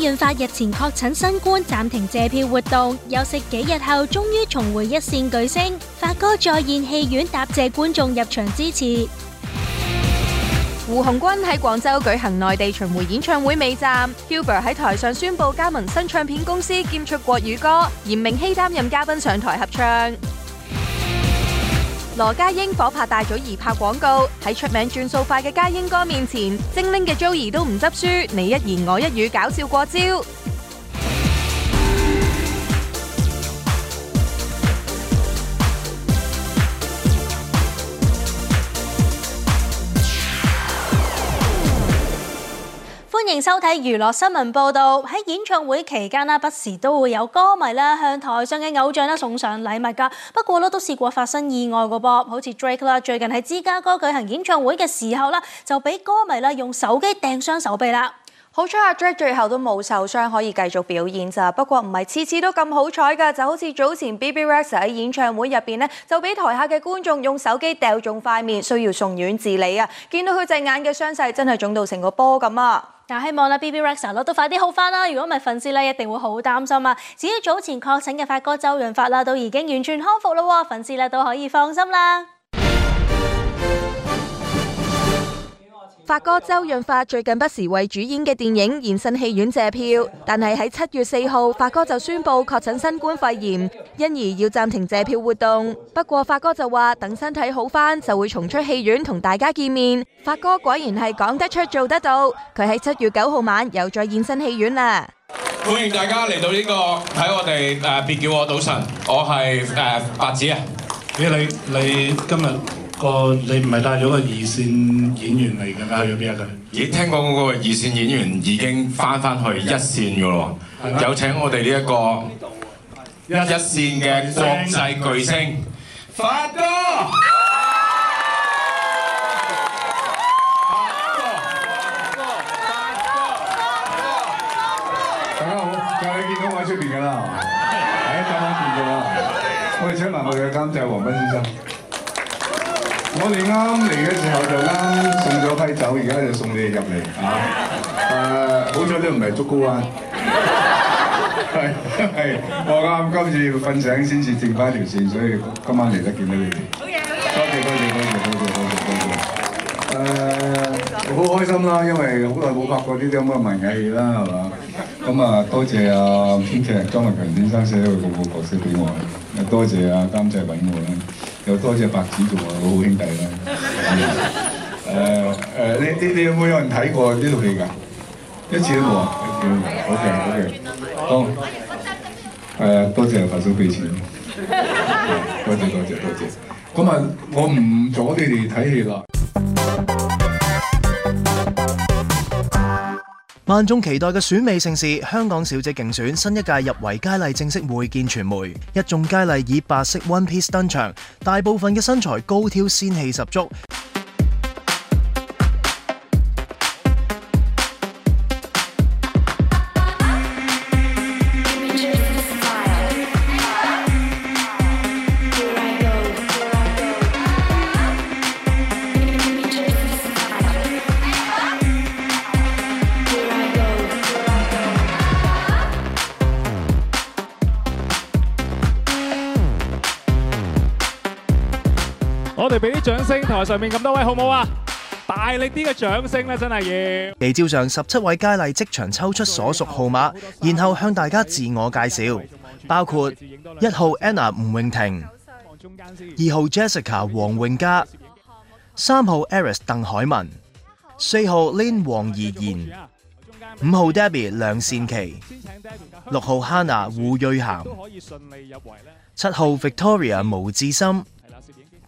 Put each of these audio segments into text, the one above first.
潤發日前確診新冠，暫停借票活動，休息幾日後終於重回一線巨星。發哥再現戲院答謝觀眾入場支持。胡鴻鈞喺廣州舉行內地巡回演唱會尾站，Hubert 喺台上宣布加盟新唱片公司，兼出國語歌，嚴明熙擔任嘉賓上台合唱。羅家英火拍大嘴兒拍廣告，喺出名轉數快嘅家英哥面前，精靈嘅 Joey 都唔執輸，你一言我一語，搞笑過招。歡迎收睇娛樂新聞報道。喺演唱會期間咧，不時都會有歌迷向台上嘅偶像送上禮物噶。不過咧都試過發生意外噶噃，好似 Drake 啦，最近喺芝加哥舉行演唱會嘅時候咧，就俾歌迷啦用手機掟傷手臂啦。好彩啊，Drake 最後都冇受傷，可以繼續表演咋。不過唔係次次都咁好彩噶，就好似早前 B.B.Rex 喺演唱會入邊咧，就俾台下嘅觀眾用手機掉中塊面，需要送院治理啊。見到佢隻眼嘅傷勢真係腫到成個波咁啊！但希望啦，BB Rexha 咧，都快啲好返啦！如果唔係粉絲咧，一定會好擔心啊！至於早前確診嘅發哥周潤發啦，都已經完全康復咯，粉絲咧都可以放心啦。發哥周潤發最近不時為主演嘅電影現身戲院借票，但係喺七月四號，發哥就宣布確診新冠肺炎，因而要暫停借票活動。不過發哥就話等身體好返就會重出戲院同大家見面。發哥果然係講得出做得到，佢喺七月九號晚又再現身戲院啦。歡迎大家嚟到呢、這個喺我哋誒，別、呃、叫我賭神，我係誒、呃、白子啊，你你，你今日？個，你唔係帶咗個二線演員嚟㗎咩？去咗邊啊？佢，已聽講嗰個二線演員已經翻翻去一線㗎咯。有請我哋呢一個一線嘅國際巨星，發哥！發哥！發哥！發哥！大家好，就係你見到我喺出邊㗎啦，咁啱見㗎啦。我哋請埋我嘅監製黃斌先生。我哋啱嚟嘅時候就啱送咗批酒，而家就送你哋入嚟嚇。誒，好彩都唔係竹篙灣，係係我啱今次要瞓醒先至正翻條線，所以今晚嚟得見到你哋。好嘢！多謝多謝多謝多謝多謝多謝。誒，好開心啦，因為好耐冇拍過呢啲咁嘅文藝戲啦，係嘛？咁啊，多謝啊編劇莊文強先生寫佢個角色俾我，又多謝啊監製揾我啦。又多謝白子做我好兄弟啦！誒 誒、嗯嗯嗯，你你，你有冇有人睇過呢套戲㗎？一次都冇啊！一次都冇。O K O K。好。誒，多謝白子俾錢。多謝多謝多謝。咁啊，我唔阻你哋睇戲啦。萬眾期待嘅選美盛事，香港小姐競選新一屆入圍佳麗正式會見傳媒，一眾佳麗以白色 One Piece 登場，大部分嘅身材高挑，仙氣十足。掌聲，台上面咁多位好唔好啊？大力啲嘅掌聲咧，真係要。地照上十七位佳麗即場抽出所屬號碼，然後向大家自我介紹，包括一號 Anna 吳詠婷，二號 Jessica 黃永嘉，三號 Aris 鄧海文，四號 Lynn 黃怡然，五號 Debbie 梁善琪，六號 Hannah 胡睿涵，七號 Victoria 毛志深。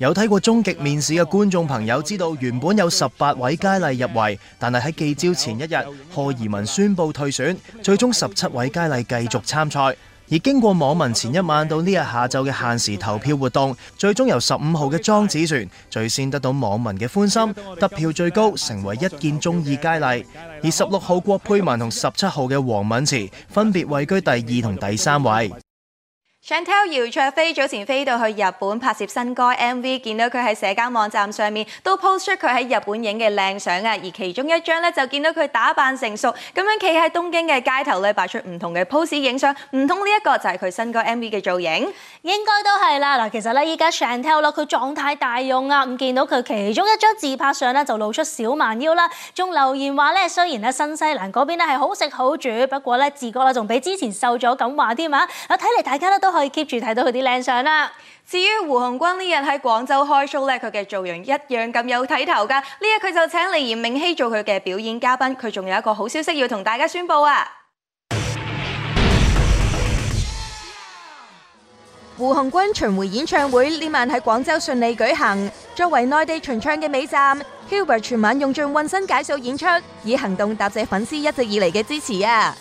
有睇過《終極面試》嘅觀眾朋友知道，原本有十八位佳麗入圍，但係喺記招前一日，何怡文宣布退選，最終十七位佳麗繼續參賽。而經過網民前一晚到呢日下晝嘅限時投票活動，最終由十五號嘅莊子璇最先得到網民嘅歡心，得票最高，成為一見鍾意佳麗。而十六號郭佩文同十七號嘅黃敏慈分別位居第二同第三位。Chantel 姚卓菲早前飛到去日本拍攝新歌 MV，見到佢喺社交網站上面都 post 出佢喺日本影嘅靚相啊！而其中一張咧就見到佢打扮成熟，咁樣企喺東京嘅街頭咧，擺出唔同嘅 pose 影相。唔通呢一個就係佢新歌 MV 嘅造型？應該都係啦！嗱，其實咧依家 Chantel 咯，佢狀態大用啊！咁見到佢其中一張自拍相咧，就露出小蠻腰啦，仲留言話咧：雖然咧新西蘭嗰邊咧係好食好住，不過咧自覺啦仲比之前瘦咗，咁話添啊！睇嚟大家咧都可以 keep 住睇到佢啲靚相啦。至於胡鴻鈞呢日喺廣州開 show 咧，佢嘅造型一樣咁有睇頭噶。呢日佢就請嚟炎明熹做佢嘅表演嘉賓，佢仲有一個好消息要同大家宣布啊！胡鴻鈞巡迴演唱會呢晚喺廣州順利舉行，作為內地巡唱嘅尾站 ，Huber 全晚用盡渾身解數演出，以行動答謝粉絲一直以嚟嘅支持啊！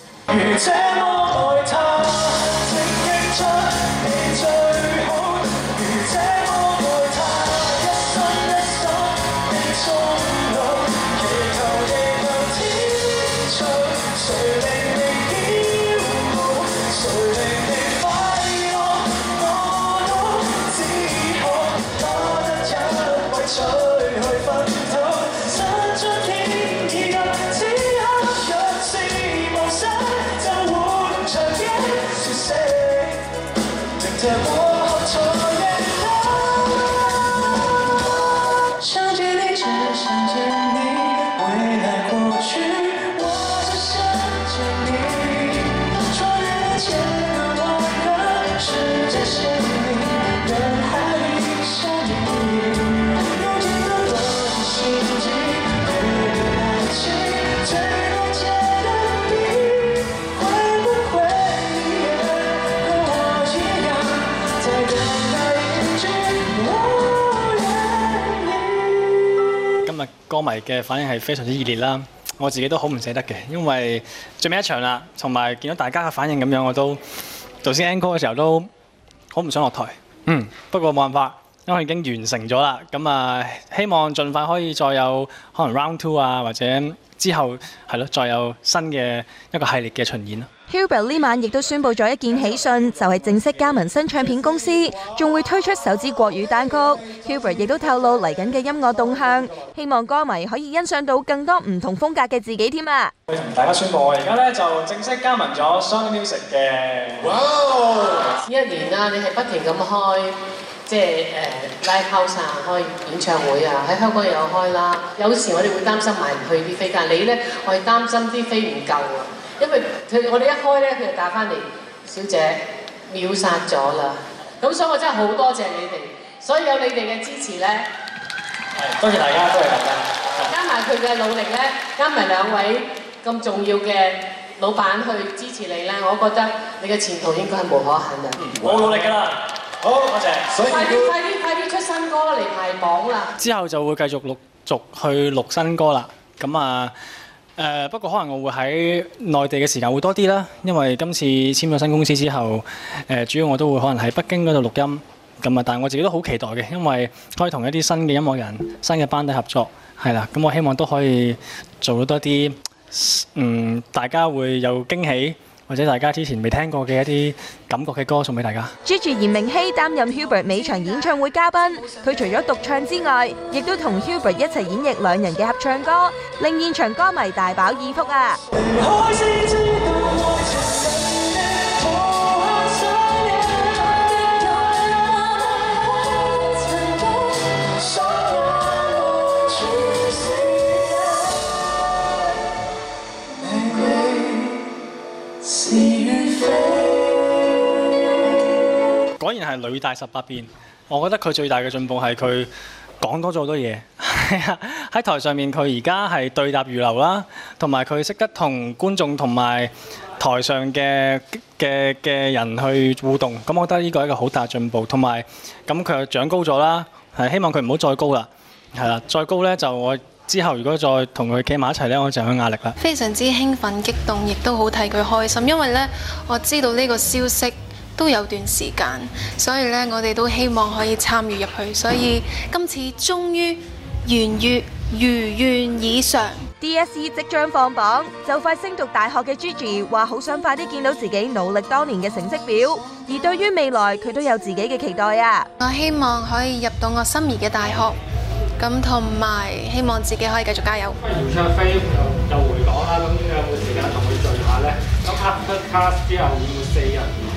歌迷嘅反應係非常之熱烈啦，我自己都好唔捨得嘅，因為最尾一場啦，同埋見到大家嘅反應咁樣，我都頭先 encore 嘅時候都好唔想落台。嗯，不過冇辦法。因為已經完成咗啦，咁啊希望盡快可以再有可能 round two 啊，或者之後係咯，再有新嘅一個系列嘅巡演咯。Hubert 呢晚亦都宣布咗一件喜訊，就係正式加盟新唱片公司，仲會推出首支國語單曲。Hubert 亦都透露嚟緊嘅音樂動向，希望歌迷可以欣賞到更多唔同風格嘅自己添啊！我同大家宣布啊，我而家咧就正式加盟咗 Sony Music 嘅。哇！呢一年啊，你係不停咁開。即係誒 live house 開演唱會啊，喺香港又有開啦。有時我哋會擔心買唔去啲飛，但係你咧，我哋擔心啲飛唔夠啊。因為佢我哋一開咧，佢就打翻嚟，小姐秒殺咗啦。咁所以我真係好多謝你哋，所以有你哋嘅支持咧。多謝大家，多謝大家。加埋佢嘅努力咧，加埋兩位咁重要嘅老闆去支持你咧，我覺得你嘅前途應該係無可限量。我努力㗎啦。好，多謝。所以快啲，快啲出新歌嚟排榜啦！之後就會繼續陸續去錄新歌啦。咁啊，誒、呃、不過可能我會喺內地嘅時間會多啲啦，因為今次簽咗新公司之後，誒、呃、主要我都會可能喺北京嗰度錄音。咁啊，但係我自己都好期待嘅，因為可以同一啲新嘅音樂人、新嘅班底合作，係啦。咁我希望都可以做到多啲，嗯，大家會有驚喜。或者大家之前未聽過嘅一啲感覺嘅歌送俾大家。Gigi 炎明熙擔任 Hubert 每場演唱會嘉賓，佢除咗獨唱之外，亦都同 Hubert 一齊演繹兩人嘅合唱歌，令現場歌迷大飽耳福啊！果然係女大十八變，我覺得佢最大嘅進步係佢講多咗好多嘢。喺台上面，佢而家係對答如流啦，同埋佢識得同觀眾同埋台上嘅嘅嘅人去互動。咁我覺得呢個係一個好大進步。同埋咁佢又長高咗啦，係希望佢唔好再高啦。係啦，再高呢就我之後如果再同佢企埋一齊呢，我就有壓力啦。非常之興奮激動，亦都好替佢開心，因為呢我知道呢個消息。都有段時間，所以咧，我哋都希望可以參與入去。所以今次終於圓月如願以償。DSE 即將放榜，就快升讀大學嘅 Gigi 話好想快啲見到自己努力多年嘅成績表。而對於未來，佢都有自己嘅期待啊！我希望可以入到我心儀嘅大學，咁同埋希望自己可以繼續加油。胡卓飛又又回港啦，咁有冇時間同佢聚下咧？咁 Aftercast 之後會唔會四日？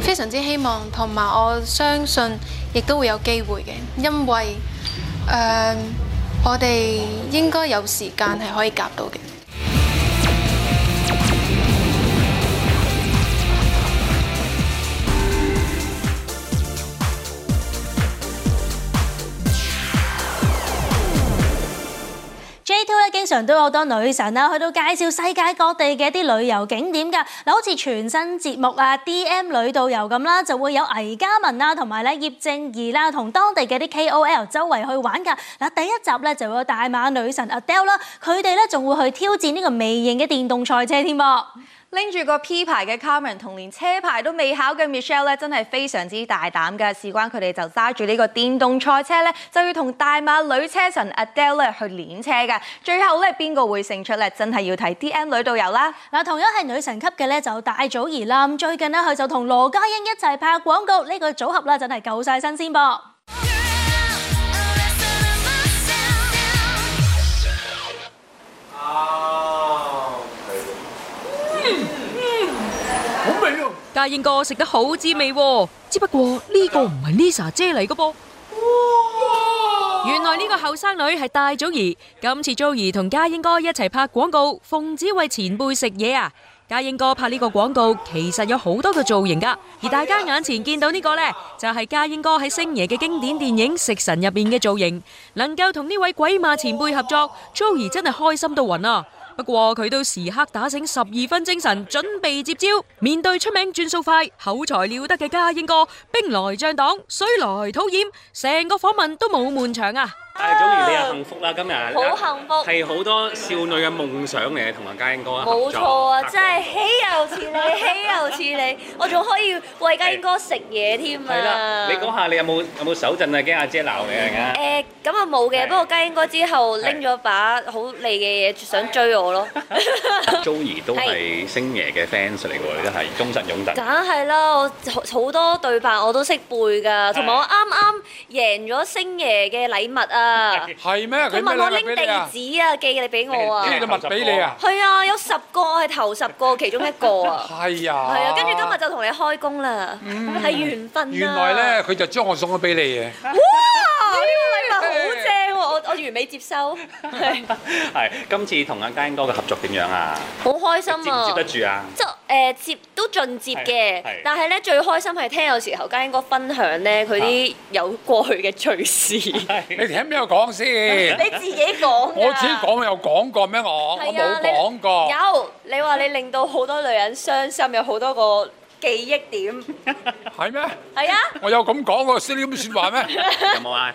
非常之希望，同埋我相信，亦都會有機會嘅，因為誒、呃，我哋應該有時間係可以夾到嘅。常都有好多女神啦，去到介紹世界各地嘅啲旅遊景點噶。嗱，好似全新節目啊，D M 女導遊咁啦，就會有倪嘉文啊，同埋咧葉正怡啦，同當地嘅啲 K O L 周圍去玩噶，嗱，第一集咧就會有大馬女神阿 Del 啦，佢哋咧仲會去挑戰呢個微型嘅電動賽車添噃。拎住個 P 牌嘅 Carmen 同連車牌都未考嘅 Michelle 咧，真係非常之大膽嘅。事關佢哋就揸住呢個電動賽車咧，就要同大馬女車神 Adelle 去練車嘅。最後咧，邊個會勝出咧？真係要睇 D M 女導遊啦。嗱，同樣係女神級嘅咧，就大祖兒啦。最近呢，佢就同羅家英一齊拍廣告，呢、這個組合啦，真係夠晒新鮮噃。好美味哦！啊，家英哥食得好滋味，啊，只不過呢個唔係 Lisa 姐嚟噶噃。原來呢個後生女係大祖兒，今次祖兒同家英哥一齊拍廣告，奉旨為前輩食嘢啊！家英哥拍呢個廣告其實有好多個造型噶，而大家眼前見到呢個呢，就係、是、家英哥喺星爺嘅經典電影《食神》入面嘅造型，能夠同呢位鬼馬前輩合作，祖兒真係開心到暈啊！不過佢都時刻打醒十二分精神，準備接招。面對出名轉數快、口才了得嘅家英哥，兵來將擋，水來土掩，成個訪問都冇悶場啊！啊！祖兒你就幸福啦，今日好幸福，係好多少女嘅夢想嚟嘅，同埋嘉英哥。冇錯啊，真係豈有此理，豈有此理，我仲可以為嘉英哥食嘢添啊！係啦，你講下你有冇有冇手震啊？驚阿姐鬧你啊！誒，咁啊冇嘅，不過嘉英哥之後拎咗把好利嘅嘢想追我咯。Joey 都係星爺嘅 fans 嚟嘅喎，都係忠實擁躉。梗係啦，我好多對白我都識背噶，同埋我啱啱贏咗星爺嘅禮物啊！啊！係咩？佢問我拎地址啊，寄嚟俾我啊！寄咗物俾你啊！係啊，有十個係頭十個其中一個啊！係啊！係啊！跟住今日就同你開工啦，係緣分啊！原來咧，佢就將我送咗俾你嘅。哇！呢個禮物好正喎，我我完美接收。係係，今次同阿家英哥嘅合作點樣啊？好開心啊！接得住啊！誒、呃、接都盡接嘅，但係咧最開心係聽有時候嘉欣哥分享咧佢啲有過去嘅趣事。 你聽邊個講先？ 你自己講。我自己講有講過咩？我我冇講過。你有你話你令到好多女人傷心，有好多個記憶點。係咩？係啊！我有咁講過，我先你咁説話咩？ 有冇啊？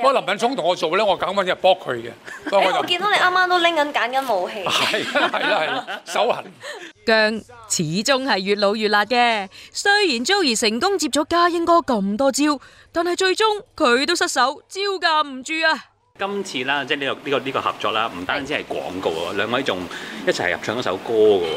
不過林敏聰同我做咧，我揀搵日搏佢嘅。我見到你啱啱都拎緊揀緊武器。係係啦係啦，手痕。薑始終係越老越辣嘅。雖然 Joey 成功接咗家英哥咁多招，但係最終佢都失手，招架唔住啊！今次啦，即係呢個呢個呢個合作啦，唔單止係廣告啊，兩位仲一齊入唱一首歌嘅。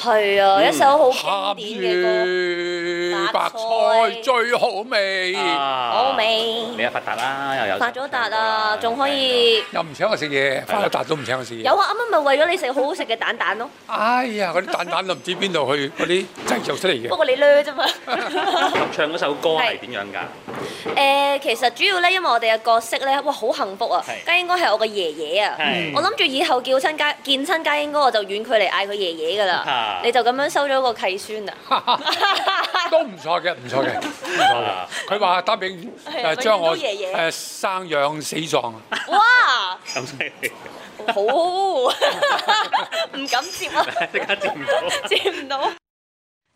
係啊、嗯，一首好嘅白菜，白菜最好味。啊、好味。你有發達啦，又有了。發咗達啊！仲可以。又唔請我食嘢，發咗達都唔請我食嘢。有啊，啱啱咪為咗你食好好食嘅蛋蛋咯。 哎呀，嗰啲蛋蛋都唔知邊度去，嗰啲製造出嚟嘅。不過你叻啫嘛。合 唱嗰首歌係點樣㗎？誒、呃，其實主要咧，因為我哋嘅角色咧，哇，好幸福啊！家英哥應該係我嘅爺爺啊，我諗住以後叫親家見親家，應該我就遠距離嗌佢爺爺㗎啦。你就咁樣收咗個契孫啊？ 都唔錯嘅，唔錯嘅，唔錯嘅。佢話答應誒將我誒、呃、生養死葬。哇！咁犀利！好，唔 敢接啦，即刻接唔到， 接唔不到。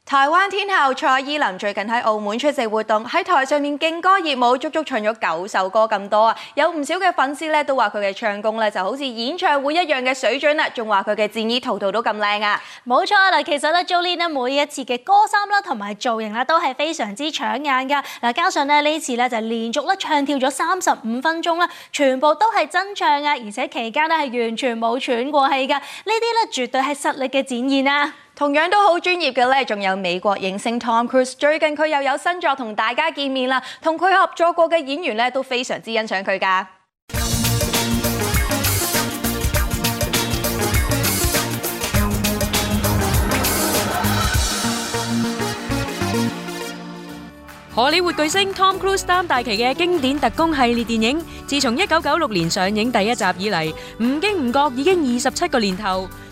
台灣天后蔡依林最近喺澳門出席活動，喺台上面勁歌熱舞，足足唱咗九首歌咁多。有唔少嘅粉絲都話，佢嘅唱功就好似演唱會一樣嘅水準，還仲話佢嘅戰衣套套都咁靚啊！冇錯，其實 Jolin 每一次嘅歌衫和同埋造型都係非常之搶眼的，加上這呢次連續唱跳咗三十五分鐘，全部都係真唱，而且期間係完全冇喘過氣。這呢啲絕對係實力嘅展現同樣都好專業嘅咧，仲有美國影星 Tom Cruise，最近佢又有新作同大家見面啦。同佢合作過嘅演員咧都非常之欣賞佢㗎。荷里活巨星 Tom Cruise 擔大旗嘅經典特工系列電影，自從一九九六年上映第一集以嚟，唔經唔覺已經二十七個年頭。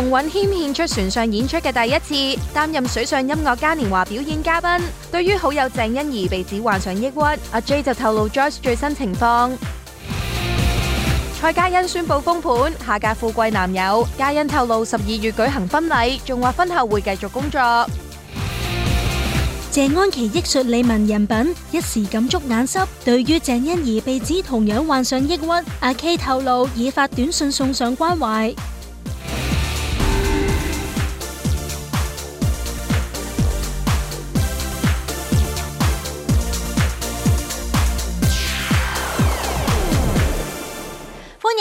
馮允謙獻出船上演出嘅第一次，擔任水上音樂嘉年華表演嘉賓。對於好友鄭欣宜被指患上抑鬱，阿 J 就透露 Joyce 最新情況。蔡嘉欣宣布封盤，下嫁富貴男友。嘉欣透露十二月舉行婚禮，仲話婚後會繼續工作。謝安琪憶述李玟人品，一時感觸眼濕。對於鄭欣宜被指同樣患上抑鬱，阿 K 透露已發短信送上關懷。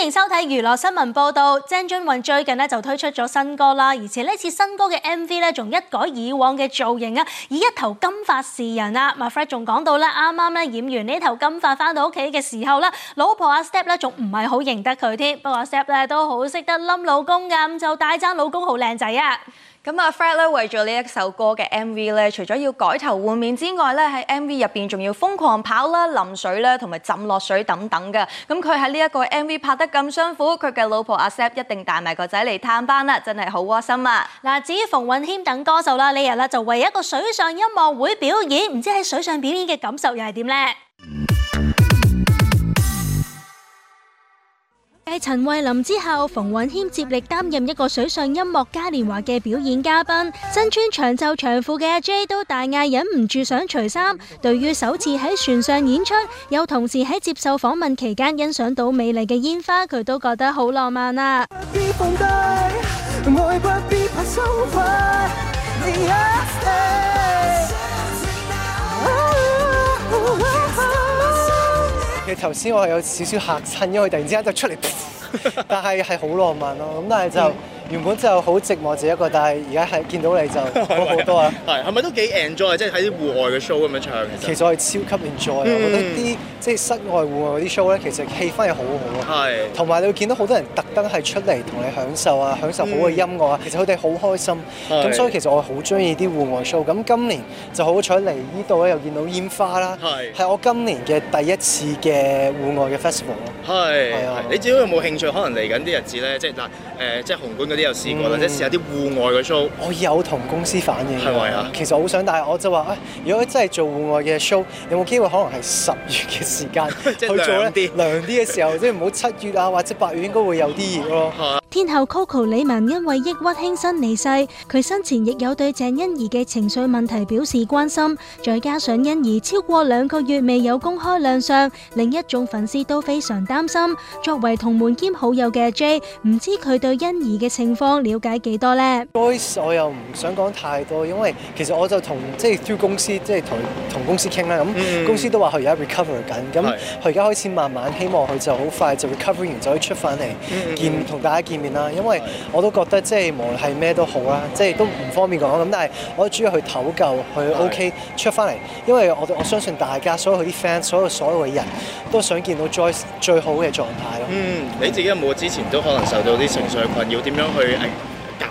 歡迎收睇娛樂新聞報道，鄭俊弘最近咧就推出咗新歌啦，而且呢次新歌嘅 MV 咧仲一改以往嘅造型啊，以一頭金髮示人啊。阿 Fred 仲講到咧，啱啱咧染完呢頭金髮翻到屋企嘅時候咧，老婆阿 Step 咧仲唔係好認得佢添，不過阿 Step 咧都好識得冧老公㗎，就大讚老公好靚仔啊！咁阿 Fred 咧為咗呢一首歌嘅 MV 咧，除咗要改頭換面之外咧，喺 MV 入邊仲要瘋狂跑啦、淋水啦、同埋浸落水等等嘅。咁佢喺呢一個 MV 拍得咁辛苦，佢嘅老婆阿 Sap 一定帶埋個仔嚟探班啦，真係好窩心啊！嗱，至於馮允謙等歌手啦，呢日啦就為一個水上音樂會表演，唔知喺水上表演嘅感受又係點呢？繼陳慧琳之後，馮允謙接力擔任一個水上音樂嘉年華嘅表演嘉賓。身穿長袖長褲嘅阿 J 都大嗌，忍唔住想除衫。對於首次喺船上演出，又同時喺接受訪問期間欣賞到美麗嘅煙花，佢都覺得好浪漫啊！頭先我係有少少嚇親，因為突然之間就出嚟，但係係好浪漫咯，咁但係就。嗯原本就好寂寞自己一個，但係而家係見到你就好好多啊！係係咪都幾 enjoy？即係喺戶外嘅 show 咁樣唱其實。其實我係超級 enjoy，我覺得啲、嗯、即係室外戶外嗰啲 show 咧，其實氣氛係好好啊！係。同埋你會見到好多人特登係出嚟同你享受啊，享受好嘅音樂啊，嗯、其實佢哋好開心。咁所以其實我好中意啲戶外 show。咁今年就好彩嚟呢度咧，又見到煙花啦。係。係我今年嘅第一次嘅戶外嘅 festival。係。係。你自己有冇興趣？可能嚟緊啲日子咧，即係嗱誒，即係紅館嗰啲。嗯、有試過，或者試下啲戶外嘅 show。我有同公司反映。係咪啊？其實好想，但係我就話啊，如果真係做戶外嘅 show，有冇機會可能係十月嘅時間去做 一啲？」「涼啲嘅時候，即係唔好七月啊，或者八月應該會有啲熱咯。 天后 Coco 李玟因為抑鬱輕生離世，佢生前亦有對鄭欣宜嘅情緒問題表示關心。再加上欣宜超過兩個月未有公開亮相，令一眾粉絲都非常擔心。作為同門兼好友嘅 Jay 唔知佢對欣宜嘅情方了解幾多咧？Joyce 我又唔想講太多，因為其實我就同即係 through 公司即係同同公司傾啦。咁、嗯、公司都話佢而家 recover 緊，咁佢而家開始慢慢希望佢就好快就 recovering 完就可以出翻嚟、嗯、見同大家見面啦。因為我都覺得即係無論係咩都好啦、嗯，即係都唔方便講咁但係我主要去唞夠，去 OK 出翻嚟，因為我我相信大家，所有佢啲 fans，所有所有嘅人都想見到 Joyce 最好嘅狀態咯。嗯，你自己有冇之前都可能受到啲情緒困擾點樣？去係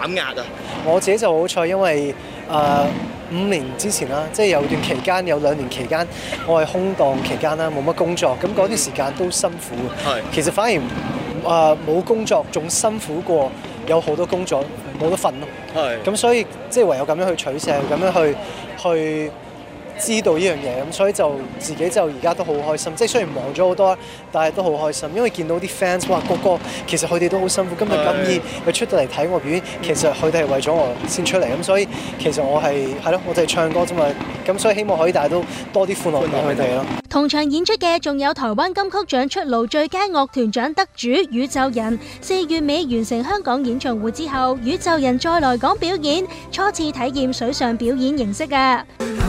減壓啊！我自己就好彩，因為誒五、呃、年之前啦，即係有段期間有兩年期間，我係空檔期間啦，冇乜工作，咁嗰段時間都辛苦啊。係，其實反而誒冇、呃、工作仲辛苦過，有好多工作冇得瞓咯。係，咁所以即係唯有咁樣去取捨，咁樣去去。知道呢樣嘢，咁所以就自己就而家都好開心。即係雖然忙咗好多，但係都好開心，因為見到啲 fans 哇，哥哥其實佢哋都好辛苦，今日咁熱，佢出到嚟睇我表演，其實佢哋係為咗我先出嚟。咁所以其實我係係咯，我哋係唱歌啫嘛。咁所以希望可以帶到多啲歡樂俾佢哋咯。同場演出嘅仲有台灣金曲獎出爐最佳樂團獎得主宇宙人。四月尾完成香港演唱會之後，宇宙人再來港表演，初次體驗水上表演形式嘅。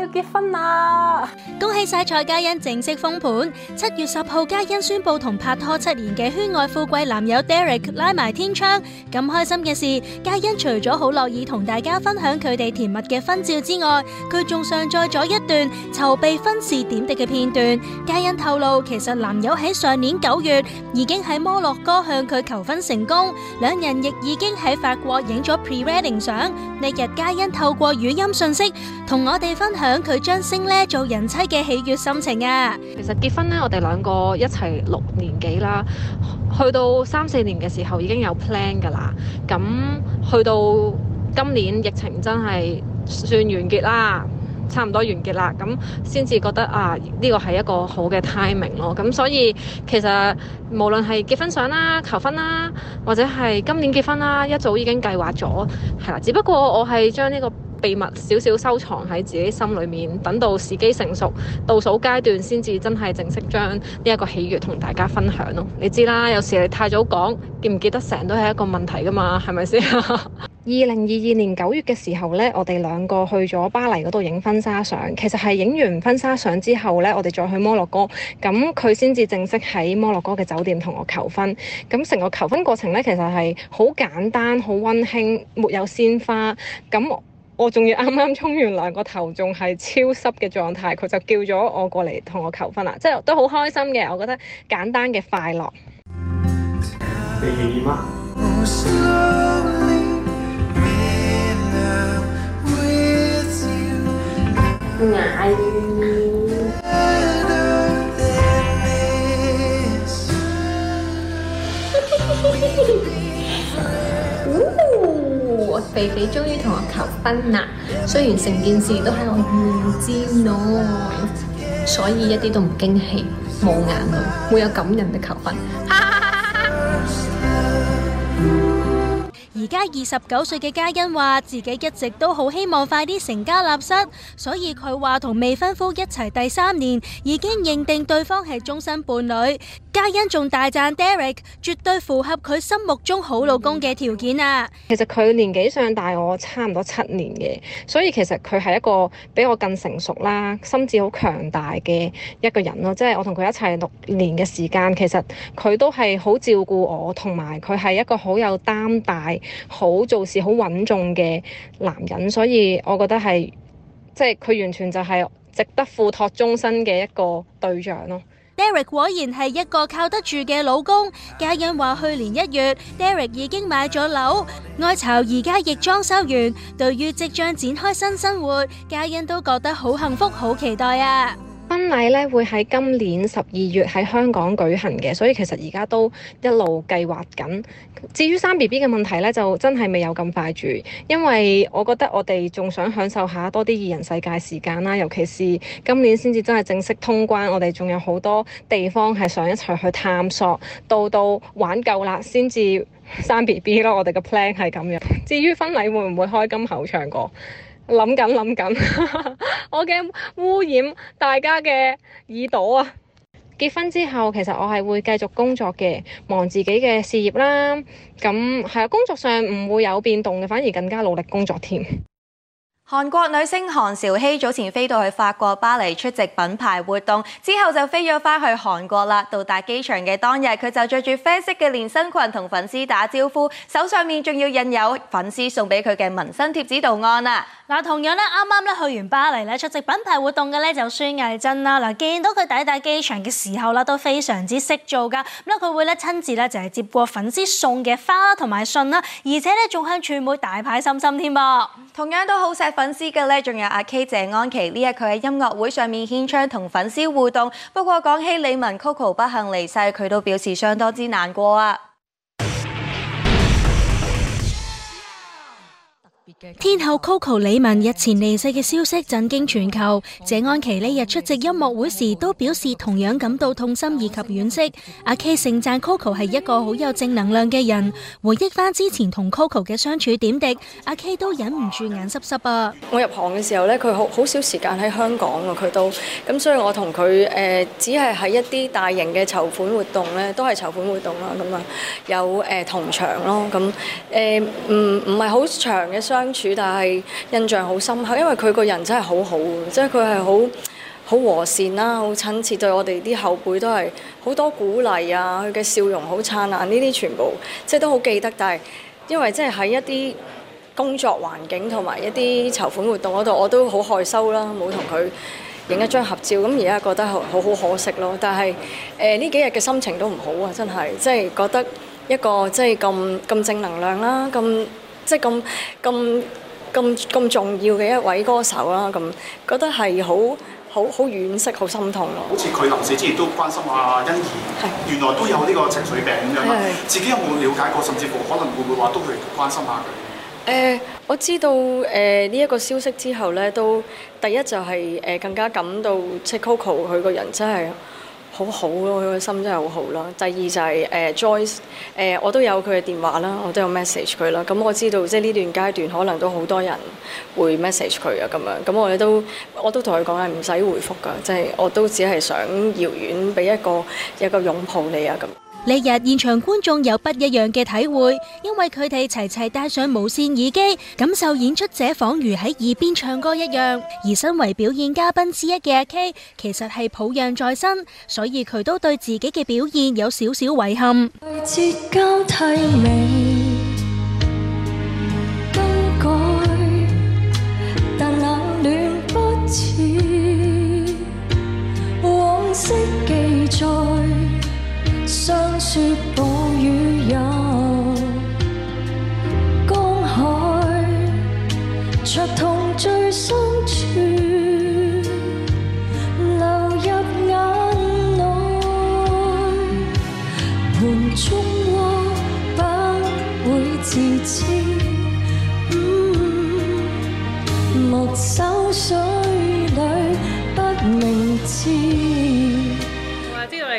要結婚啦、啊！恭喜晒蔡嘉欣正式封盤。七月十號，嘉欣宣布同拍拖七年嘅圈外富貴男友 Derek 拉埋天窗，咁開心嘅事，嘉欣除咗好樂意同大家分享佢哋甜蜜嘅婚照之外，佢仲上載咗一段籌備婚事點滴嘅片段。嘉欣透露，其實男友喺上年九月已經喺摩洛哥向佢求婚成功，兩人亦已經喺法國影咗 pre wedding 相。呢日嘉欣透過語音信息同我哋分享。想佢將星咧做人妻嘅喜悦心情啊！其實結婚咧，我哋兩個一齊六年幾啦，去到三四年嘅時候已經有 plan 噶啦。咁去到今年疫情真係算完結啦，差唔多完結啦。咁先至覺得啊，呢個係一個好嘅 timing 咯。咁所以其實無論係結婚相啦、求婚啦，或者係今年結婚啦，一早已經計劃咗係啦。只不過我係將呢個。秘密少少收藏喺自己心裏面，等到時機成熟，倒數階段先至真係正式將呢一個喜悦同大家分享咯。你知啦，有時你太早講，記唔記得成日都係一個問題噶嘛？係咪先？二零二二年九月嘅時候咧，我哋兩個去咗巴黎嗰度影婚紗相。其實係影完婚紗相之後咧，我哋再去摩洛哥，咁佢先至正式喺摩洛哥嘅酒店同我求婚。咁成個求婚過程咧，其實係好簡單、好温馨，沒有鮮花咁。我仲要啱啱沖完涼，個頭仲係超濕嘅狀態，佢就叫咗我過嚟同我求婚啦，即係都好開心嘅，我覺得簡單嘅快樂。 樂 樂肥肥終於同我求婚啦！雖然成件事都喺我預知內，所以一啲都唔驚喜，冇眼淚，沒有感人嘅求婚。啊而家二十九歲嘅嘉欣話自己一直都好希望快啲成家立室，所以佢話同未婚夫一齊第三年已經認定對方係終身伴侶。嘉欣仲大讚 Derek 絕對符合佢心目中好老公嘅條件啊！其實佢年紀上大我差唔多七年嘅，所以其實佢係一個比我更成熟啦，心智好強大嘅一個人咯。即係我同佢一齊六年嘅時間，其實佢都係好照顧我，同埋佢係一個好有擔帶。好做事好穩重嘅男人，所以我覺得係即係佢完全就係值得付託終身嘅一個對象咯。Derek 果然係一個靠得住嘅老公。嘉欣話去年一月，Derek 已經買咗樓，愛巢而家亦裝修完。對於即將展開新生活，嘉欣都覺得好幸福，好期待啊！婚禮咧會喺今年十二月喺香港舉行嘅，所以其實而家都一路計劃緊。至於生 B B 嘅問題咧，就真係未有咁快住，因為我覺得我哋仲想享受下多啲二人世界時間啦。尤其是今年先至真係正式通關，我哋仲有好多地方係想一齊去探索，到到玩夠啦先至生 B B 咯。我哋嘅 plan 係咁樣。至於婚禮會唔會開金口唱歌？諗緊諗緊，我驚污染大家嘅耳朵啊！結婚之後，其實我係會繼續工作嘅，忙自己嘅事業啦。咁係啊，工作上唔會有變動嘅，反而更加努力工作添。韓國女星韓韶禧早前飛到去法國巴黎出席品牌活動，之後就飛咗翻去韓國啦。到達機場嘅當日，佢就着住啡色嘅連身裙同粉絲打招呼，手上面仲要印有粉絲送俾佢嘅紋身貼紙圖案啊！嗱，同樣咧，啱啱咧去完巴黎咧出席品牌活動嘅咧就孫藝珍啦。嗱，見到佢抵達機場嘅時候啦，都非常之識做噶，咁佢會咧親自咧就係接過粉絲送嘅花同埋信啦，而且咧仲向傳媒大擺心心添噃。同樣都好錫。粉絲嘅呢，仲有阿 K 謝安琪，呢日，佢喺音樂會上面獻唱同粉絲互動。不過講起李玟 Coco 不幸離世，佢都表示相當之難過啊。天后 Coco 李玟日前離世嘅消息震驚全球，謝安琪呢日出席音樂會時都表示同樣感到痛心以及惋惜。阿 K 盛讚 Coco 係一個好有正能量嘅人，回憶翻之前同 Coco 嘅相處點滴，阿 K 都忍唔住眼濕濕啊！我入行嘅時候呢，佢好好少時間喺香港啊，佢都咁，所以我同佢誒，只係喺一啲大型嘅籌款活動呢，都係籌款活動啦，咁啊，有、呃、誒同場咯，咁誒，唔唔係好長嘅相。相處，但係印象好深刻，因為佢個人真係好好嘅，即係佢係好好和善啦，好親切，對我哋啲後輩都係好多鼓勵啊。佢嘅笑容好燦爛，呢啲全部即係都好記得。但係因為即係喺一啲工作環境同埋一啲籌款活動嗰度，我都好害羞啦，冇同佢影一張合照。咁而家覺得好好可惜咯。但係誒呢幾日嘅心情都唔好啊，真係即係覺得一個即係咁咁正能量啦，咁。即係咁咁咁咁重要嘅一位歌手啦，咁覺得係好好好惋惜，好心痛咯。好似佢臨死之前都關心下欣宜，原來都有呢個情緒病，咁樣啦。自己有冇了解過？甚至乎可能會唔會話都去關心下佢？誒、呃，我知道誒呢一個消息之後咧，都第一就係、是、誒、呃、更加感到即 CoCo 佢個人真係。就是好好咯，佢個心真係好好啦。第二就係 Joyce，我都有佢嘅電話啦，我都有 message 佢啦。咁我知道即係呢段階段可能都好多人會 message 佢啊。咁樣，咁我哋都我都同佢講係唔使回覆㗎，即係我都只係想遙遠畀一個一個擁抱你啊咁。呢日現場觀眾有不一樣嘅體會，因為佢哋齊齊戴上無線耳機，感受演出者仿如喺耳邊唱歌一樣。而身為表演嘉賓之一嘅阿 K，其實係抱恙在身，所以佢都對自己嘅表現有少少遺憾。霜雪暴雨任江海，卻痛醉心處流入眼內。盤中花不會自知，莫搜水裏不明智。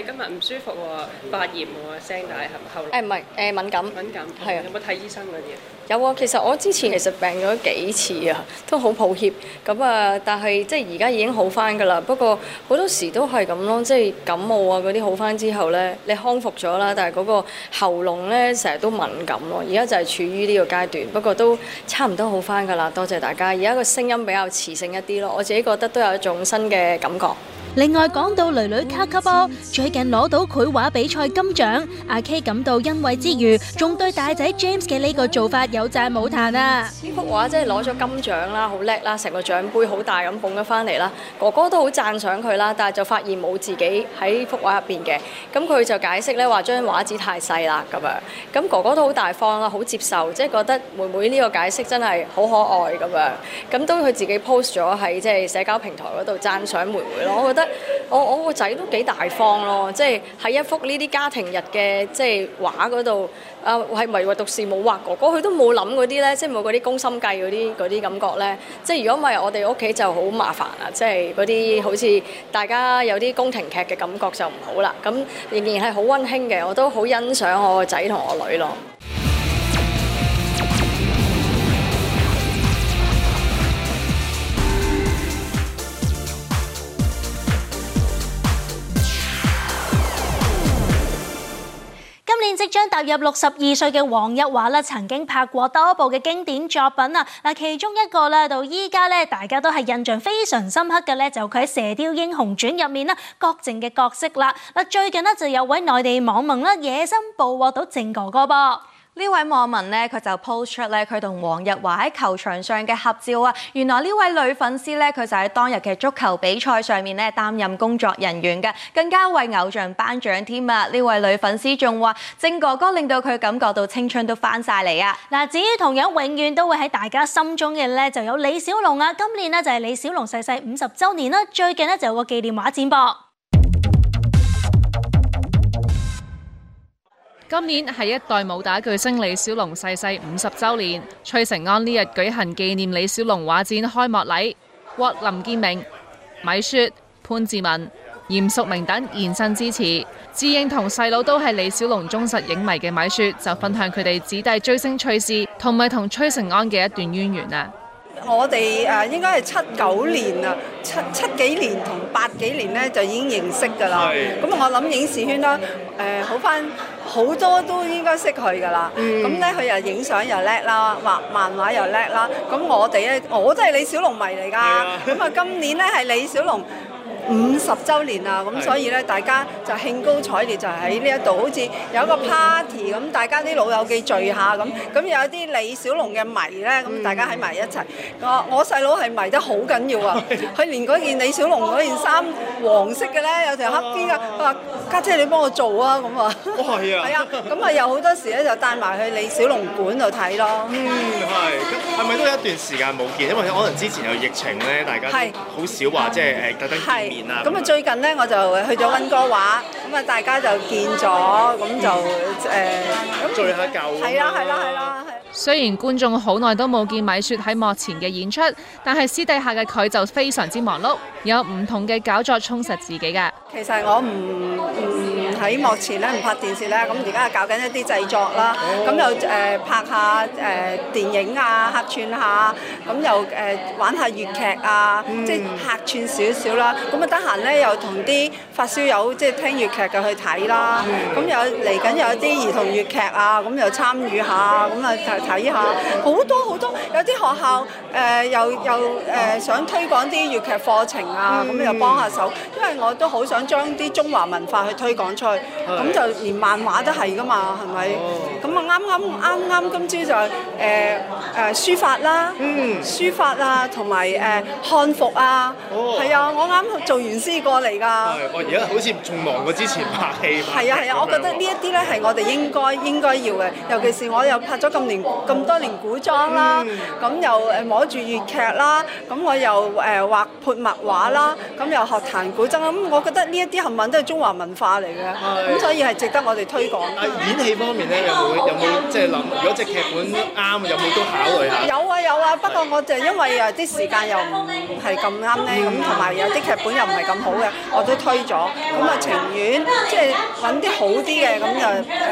今日唔舒服喎，發炎喎，聲帶喉嚨。誒唔係誒敏感。敏感係啊、嗯，有冇睇醫生嗰啲啊？有啊、哦，其實我之前其實病咗幾次啊，都好抱歉。咁啊，但係即係而家已經好翻噶啦。不過好多時都係咁咯，即係感冒啊嗰啲好翻之後咧，你康復咗啦，但係嗰個喉嚨咧成日都敏感咯。而家就係處於呢個階段，不過都差唔多好翻噶啦。多謝大家，而家個聲音比較磁性一啲咯，我自己覺得都有一種新嘅感覺。另外講到囡囡卡卡波，最近攞到繪畫比賽金獎，阿 K 感到欣慰之餘，仲對大仔 James 嘅呢個做法有讚冇彈啊！呢幅畫即係攞咗金獎啦，好叻啦，成個獎杯好大咁捧咗翻嚟啦。哥哥都好讚賞佢啦，但係就發現冇自己喺幅畫入邊嘅，咁佢就解釋咧話張畫紙太細啦咁樣。咁哥哥都好大方啦，好接受，即係覺得妹妹呢個解釋真係好可愛咁樣。咁都佢自己 post 咗喺即係社交平台嗰度讚賞妹妹咯，我覺得。我我個仔都幾大方咯，即係喺一幅呢啲家庭日嘅即係畫嗰度，啊係咪話獨是冇畫過？我佢都冇諗嗰啲咧，即係冇嗰啲宮心計嗰啲嗰啲感覺咧。即係如果唔係我哋屋企就好麻煩啦，即係嗰啲好似大家有啲宮廷劇嘅感覺就唔好啦。咁仍然係好溫馨嘅，我都好欣賞我個仔同我女咯。年即將踏入六十二歲嘅黃日華啦，曾經拍過多部嘅經典作品啊！嗱，其中一個咧到依家咧大家都係印象非常深刻嘅咧，就佢喺《射雕英雄傳》入面啦，郭靖嘅角色啦！嗱，最近呢，就有位內地網民咧，野生捕獲到靖哥哥噃。呢位網民呢，佢就 post 出呢，佢同黃日華喺球場上嘅合照啊！原來呢位女粉絲呢，佢就喺當日嘅足球比賽上面呢，擔任工作人員嘅，更加為偶像頒獎添啊！呢位女粉絲仲話，正哥哥令到佢感覺到青春都翻晒嚟啊！嗱，至於同樣永遠都會喺大家心中嘅呢，就有李小龍啊！今年呢，就係李小龍逝世五十周年啦，最近呢，就有個紀念畫展噃。今年係一代武打巨星李小龍逝世五十周年，崔成安呢日舉行紀念李小龍畫展開幕禮，獲林建明、米雪、潘志文、嚴淑明等現身支持。智英同細佬都係李小龍忠實影迷嘅米雪就分享佢哋子弟追星趣事，同埋同崔成安嘅一段淵源啊，我哋誒應該係七九年啊，七七幾年同八幾年呢，就已經認識噶啦。咁我諗影視圈啦，誒、呃、好翻。好多都應該識佢㗎啦，咁咧佢又影相又叻啦，畫漫畫又叻啦，咁我哋咧，我都係李小龍迷嚟㗎，咁啊今年咧係李小龍五十週年啊，咁所以咧，大家就興高采烈就喺呢一度，好似有一個 party 咁，大家啲老友記聚下咁，咁有啲李小龍嘅迷咧，咁大家喺埋一齊。我我細佬係迷得好緊要啊，佢連嗰件李小龍嗰件衫黃色嘅咧，有條黑邊啊，佢話家姐，你幫我做啊咁啊。哦係啊。係啊，咁啊有好多時咧就帶埋去李小龍館度睇咯。嗯，係。咁係咪都有一段時間冇見？因為可能之前有疫情咧，大家好少話即係誒特登。係。咁啊！最近呢，我就去咗溫哥華，咁啊，大家就見咗，咁就誒，聚、嗯、下、呃、舊，係啦、啊，係啦、啊，係啦、啊啊啊。雖然觀眾好耐都冇見米雪喺幕前嘅演出，但係私底下嘅佢就非常之忙碌，有唔同嘅搞作充實自己嘅。其實我唔。嗯嗯喺幕前咧唔拍電視咧，咁而家又搞緊一啲製作啦，咁又誒拍下誒電影啊，客串下，咁又誒玩下粵劇啊，即係客串少少啦，咁啊得閒咧又同啲發燒友即係聽粵劇嘅去睇啦，咁有嚟緊有啲兒童粵劇啊，咁又參與下，咁啊睇睇下，好多好多，有啲學校誒又又誒想推廣啲粵劇課程啊，咁又幫下手，因為我都好想將啲中華文化去推廣出。咁就連漫畫都係㗎嘛，係咪？咁啊啱啱啱啱今朝就誒誒書法啦，書法啦，同埋誒漢服啊，係、哦、啊！我啱做完師過嚟㗎、哦。我而家好似仲忙過之前拍戲。係啊係啊，我覺得呢一啲咧係我哋應該應該要嘅，尤其是我又拍咗咁年咁多年古裝啦，咁、嗯、又摸住粵劇啦，咁我又誒畫潑墨畫啦，咁又學彈古箏，咁我覺得呢一啲冚唪唥都係中華文化嚟嘅。咁所以係值得我哋推廣啊。演戲方面咧，有冇有冇即係諗？如果隻劇本啱，有冇都考慮下？有啊有啊，不過我就因為有啲時間又唔係咁啱咧，咁同埋有啲劇本又唔係咁好嘅，我都推咗。咁啊情願即係揾啲好啲嘅咁就誒、呃、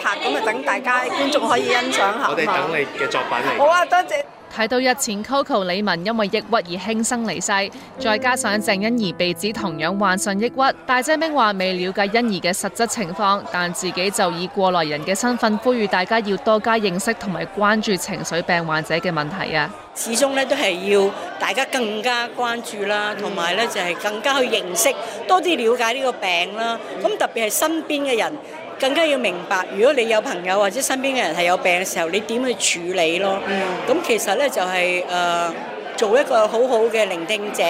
拍，咁啊等大家觀眾可以欣賞下。我哋等你嘅作品嚟。好啊，多謝。睇到日前 Coco 李玟因為抑鬱而輕生離世，再加上鄭欣宜被指同樣患上抑鬱，大姐明話未了解欣宜嘅實質情況，但自己就以過來人嘅身份呼籲大家要多加認識同埋關注情緒病患者嘅問題啊！始終咧都係要大家更加關注啦，同埋咧就係更加去認識，多啲了解呢個病啦。咁特別係身邊嘅人。更加要明白，如果你有朋友或者身邊嘅人係有病嘅時候，你點去處理咯？嗯。咁其實咧就係誒，做一個好好嘅聆聽者，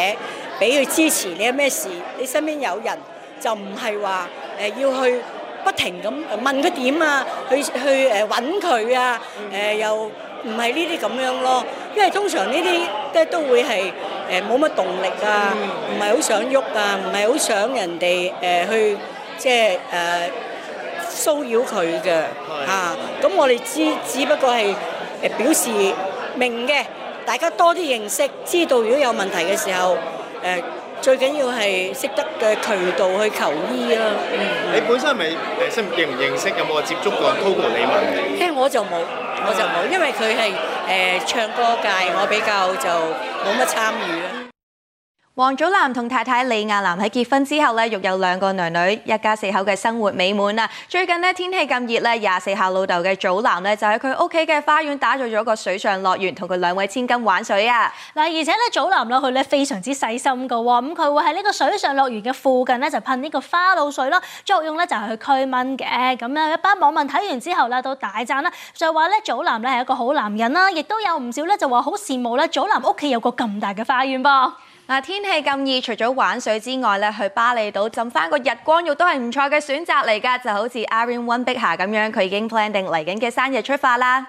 俾佢支持。你有咩事？你身邊有人就唔係話誒要去不停咁問佢點啊，去去誒揾佢啊，誒又唔係呢啲咁樣咯。因為通常呢啲咧都會係誒冇乜動力啊，唔係好想喐啊，唔係好想人哋誒去即係誒。騷擾佢嘅嚇，咁我哋只只不過係誒表示明嘅，大家多啲認識，知道如果有問題嘅時候，誒最緊要係識得嘅渠道去求醫啦。你本身係咪誒識認唔認識？有冇接觸過 Coco 李玟嘅？誒我就冇，我就冇，因為佢係誒唱歌界，我比較就冇乜參與啦。王祖藍同太太李亞男喺結婚之後咧，育有兩個女女，一家四口嘅生活美滿啊！最近咧天氣咁熱咧，廿四孝老豆嘅祖藍咧就喺佢屋企嘅花園打造咗個水上樂園，同佢兩位千金玩水啊！嗱，而且咧祖藍落去咧非常之細心噶，咁佢會喺呢個水上樂園嘅附近咧就噴呢個花露水咯，作用咧就係去驅蚊嘅。咁樣一班網民睇完之後咧都大讚啦，就話咧祖藍咧係一個好男人啦，亦都有唔少咧就話好羨慕咧祖藍屋企有個咁大嘅花園噃。嗱，天氣咁熱，除咗玩水之外咧，去巴厘島浸翻個日光浴都係唔錯嘅選擇嚟噶，就好似 Irene 溫碧霞咁樣，佢已經 plan 定嚟緊嘅生日出發啦。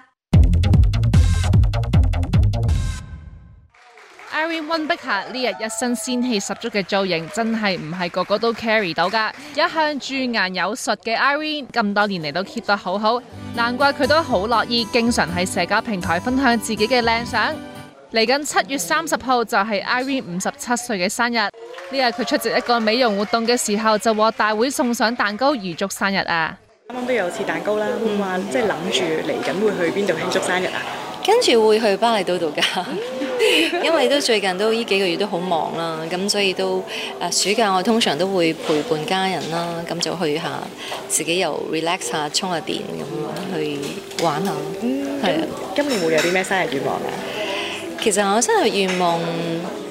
Irene 溫碧霞呢日一身仙氣十足嘅造型，真係唔係個個都 carry 到噶。一向駐顏有術嘅 Irene，咁多年嚟都 keep 得好好，難怪佢都好樂意，經常喺社交平台分享自己嘅靚相。嚟緊七月三十號就係 Irene 五十七歲嘅生日，呢日佢出席一個美容活動嘅時候就話大會送上蛋糕，預祝生日啊！啱啱都有切蛋糕啦，咁、嗯、話、嗯、即係諗住嚟緊會去邊度慶祝生日啊、嗯？跟住會去巴厘都度假，因為都最近都呢幾個月都好忙啦，咁所以都誒暑假我通常都會陪伴家人啦，咁就去一下自己又 relax 一下，冲一下、充下電咁樣去玩下咯。係啊，今年會有啲咩生日願望咧？其實我生日願望，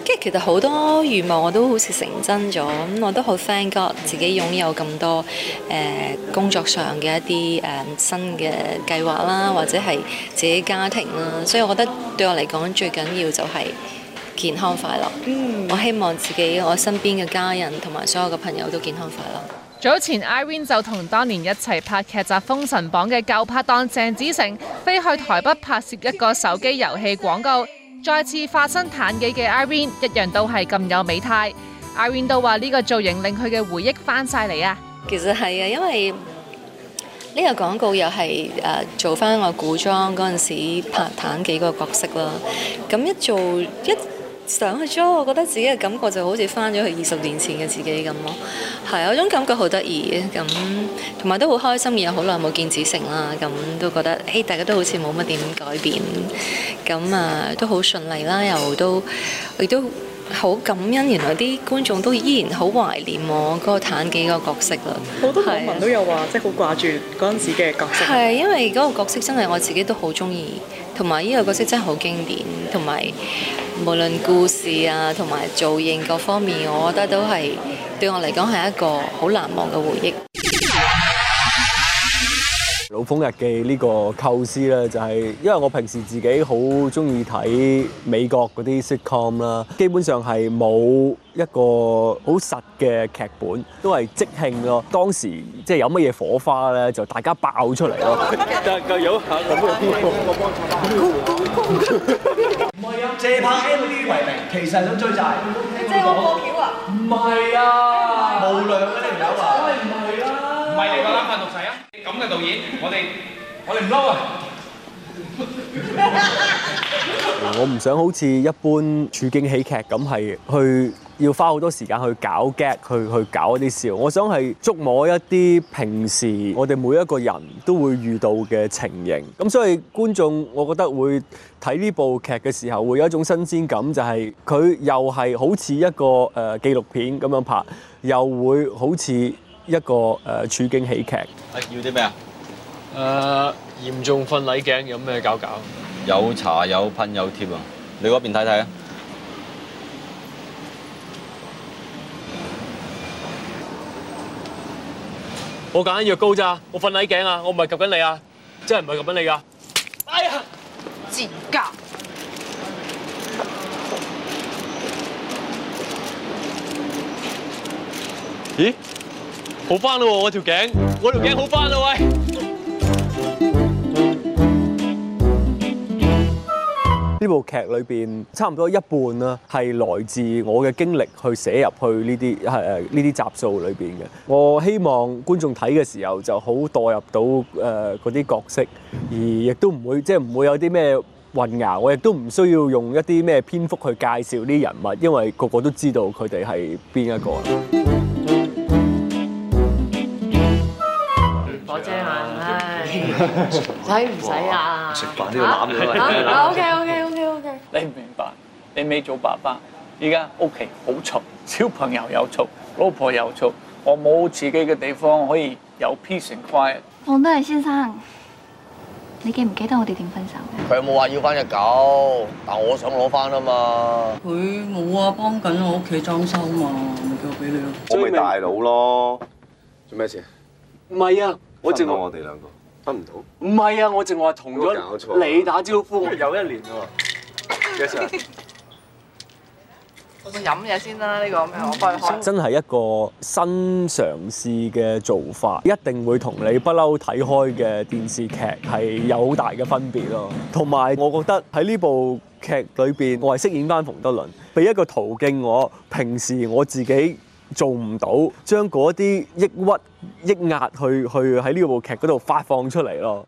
跟住其實好多願望我都好似成真咗，咁我都好 thankful 自己擁有咁多誒、呃、工作上嘅一啲誒、嗯、新嘅計劃啦，或者係自己家庭啦，所以我覺得對我嚟講最緊要就係健康快樂。我希望自己我身邊嘅家人同埋所有嘅朋友都健康快樂。早前 Irene 就同當年一齊拍劇集《封神榜》嘅舊拍檔鄭子誠飛去台北拍攝一個手機遊戲廣告。再次化身妲己嘅 Irene，一樣都係咁有美態。Irene 都話呢個造型令佢嘅回憶翻晒嚟啊！其實係啊，因為呢個廣告又係誒做翻我古裝嗰陣時拍妲己個角色咯。咁一做一上去咗，我覺得自己嘅感覺就好似翻咗去二十年前嘅自己咁咯，係啊，種感覺好得意嘅咁，同埋都好開心，然後好耐冇見子成啦，咁都覺得，嘿，大家都好似冇乜點改變，咁啊都好順利啦，又都亦都好感恩，原來啲觀眾都依然好懷念我嗰個譚記個角色啦。好多網民都有話，即係好掛住嗰陣時嘅角色。係，因為嗰個角色真係我自己都好中意。同埋呢個角色真係好經典，同埋無論故事啊，同埋造型各方面，我覺得都係對我嚟講係一個好難忘嘅回憶。《老風日記》呢個構思咧，就係因為我平時自己好中意睇美國嗰啲 sitcom 啦，基本上係冇一個好實嘅劇本，都係即興咯。當時即係有乜嘢火花咧，就大家爆出嚟咯。得個友嚇咁嘅邊個？唔係用借拍 MV 為名，其實想追債！你借我波票啊！唔係啊！無量嘅呢個友啊！梗係唔係啊？唔 係、啊、你個冷咁、那、嘅、個、導演，我哋我哋唔嬲啊！我唔 想好似一般處境喜劇咁係去要花好多時間去搞 gag，去去搞一啲笑。我想係捉摸一啲平時我哋每一個人都會遇到嘅情形。咁所以觀眾，我覺得會睇呢部劇嘅時候會有一種新鮮感，就係佢又係好似一個誒、呃、紀錄片咁樣拍，又會好似。一個誒處境喜劇，要啲咩啊？誒，嚴重瞓禮頸有咩搞搞？有茶有噴有貼啊！你嗰邊睇睇啊？我揀緊藥膏咋？我瞓禮頸啊！我唔係及緊你啊！真係唔係及緊你噶！哎呀！自家咦？好翻咯！我條頸，我條頸好翻啦喂！呢部劇裏邊差唔多一半啦，係來自我嘅經歷去寫入去呢啲誒，呢啲集數裏邊嘅。我希望觀眾睇嘅時候就好代入到誒嗰啲角色，而亦都唔會即係唔會有啲咩混淆。我亦都唔需要用一啲咩篇幅去介紹啲人物，因為個個都知道佢哋係邊一個。啫嘛，使唔使啊？食飯都要攬咗啊！OK OK OK OK，你唔明白？你未做爸爸，依家屋企好嘈，小朋友又嘈，老婆又嘈，我冇自己嘅地方可以有 peace and quiet。王德利先生，你記唔記得我哋點分手？佢有冇話要翻隻狗，但我想攞翻啊嘛。佢冇啊，幫緊我屋企裝修嘛，唔叫俾你咯。我咪大佬咯，做咩事？唔係啊！我淨我哋兩個分唔到。唔係啊，我淨話同咗你打招呼。有一年喎。幾時啊？我想飲嘢先啦。呢個咩？我幫你開。真係一個新嘗試嘅做法，一定會同你不嬲睇開嘅電視劇係有好大嘅分別咯。同埋我覺得喺呢部劇裏邊，我係飾演翻馮德倫，俾一個途徑我平時我自己。做唔到，將嗰啲抑鬱、抑壓去去喺呢部劇嗰度發放出嚟咯。